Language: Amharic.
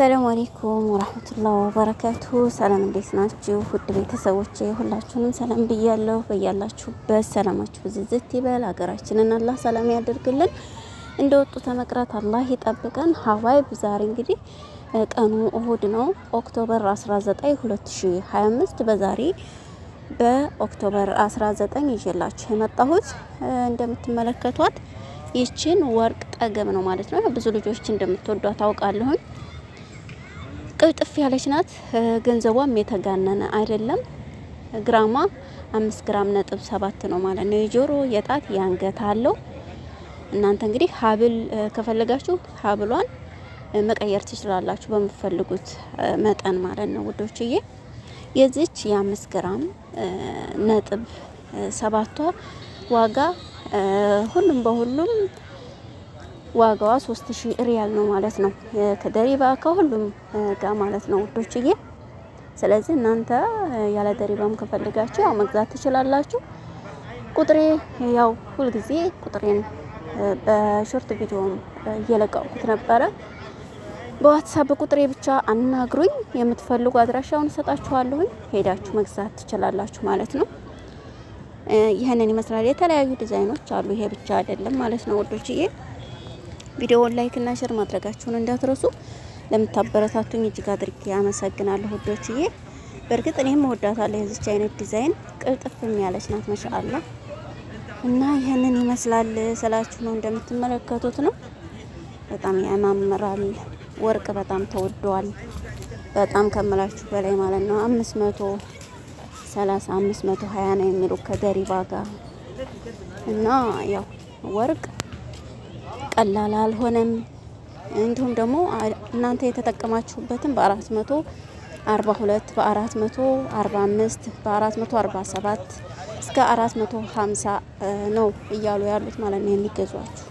ሰላም አሌይኩም ወራህመቱላህ ወበረካቱ። ሰላም እንዴት ናችሁ? ውድ ቤተሰቦቼ ሁላችሁንም ሰላም ብያለሁ። በያላችሁበት ሰላማችሁ ብዝዝት ይበል። ሀገራችንን አላህ ሰላም ያደርግልን። እንደ ተመቅረት አላህ ይጠብቀን። ሀዋይ ዛሬ እንግዲህ ቀኑ እሁድ ነው፣ ኦክቶበር 19 2025 በዛሬ በኦክቶበር 19 ይዤላችሁ የመጣሁት እንደምትመለከቷት ይችን ወርቅ ጠገም ነው ማለት ነው። ብዙ ልጆች እንደምትወዷ ታውቃለሁኝ ጥፍ ያለች ናት። ገንዘቧም የተጋነነ አይደለም። ግራሟ አምስት ግራም ነጥብ ሰባት ነው ማለት ነው። የጆሮ የጣት የአንገት አለው። እናንተ እንግዲህ ሀብል ከፈለጋችሁ ሀብሏን መቀየር ትችላላችሁ በምትፈልጉት መጠን ማለት ነው ውዶችዬ። የዚች የአምስት ግራም ነጥብ ሰባቷ ዋጋ ሁሉም በሁሉም ዋጋዋ 3000 ሪያል ነው ማለት ነው። ከደሪባ ከሁሉም ጋር ማለት ነው ውዶችዬ። ስለዚህ እናንተ ያለ ደሪባም ከፈልጋችሁ ያው መግዛት ትችላላችሁ። ቁጥሬ ያው ሁልጊዜ ቁጥሬን በሾርት ቪዲዮም እየለቀቁት ነበረ። በዋትሳፕ ቁጥሬ ብቻ አናግሩኝ። የምትፈልጉ አድራሻውን እሰጣችኋለሁኝ። ሄዳችሁ መግዛት ትችላላችሁ ማለት ነው። ይህንን ይመስላል። የተለያዩ ዲዛይኖች አሉ። ይሄ ብቻ አይደለም ማለት ነው ወዶችዬ። ቪዲዮውን ላይክ እና ሼር ማድረጋችሁን እንዳትረሱ። ለምታበረታቱኝ እጅግ አድርጌ አመሰግናለሁ ውዶችዬ። በእርግጥ እኔም እወዳታለሁ። የዚች አይነት ዲዛይን ቅልጥፍም ያለች ናት። መሻአላ እና ይህንን ይመስላል ስላችሁ ነው። እንደምትመለከቱት ነው። በጣም ያማምራል። ወርቅ በጣም ተወዷል። በጣም ከምላችሁ በላይ ማለት ነው። አምስት መቶ ሰላሳ አምስት መቶ ሀያ ነው የሚሉ ከደሪባ ጋር እና ያው ወርቅ ቀላል አልሆነም። እንዲሁም ደግሞ እናንተ የተጠቀማችሁበትን በ442 በ445 በ447 እስከ 450 ነው እያሉ ያሉት ማለት ነው የሚገዟችሁ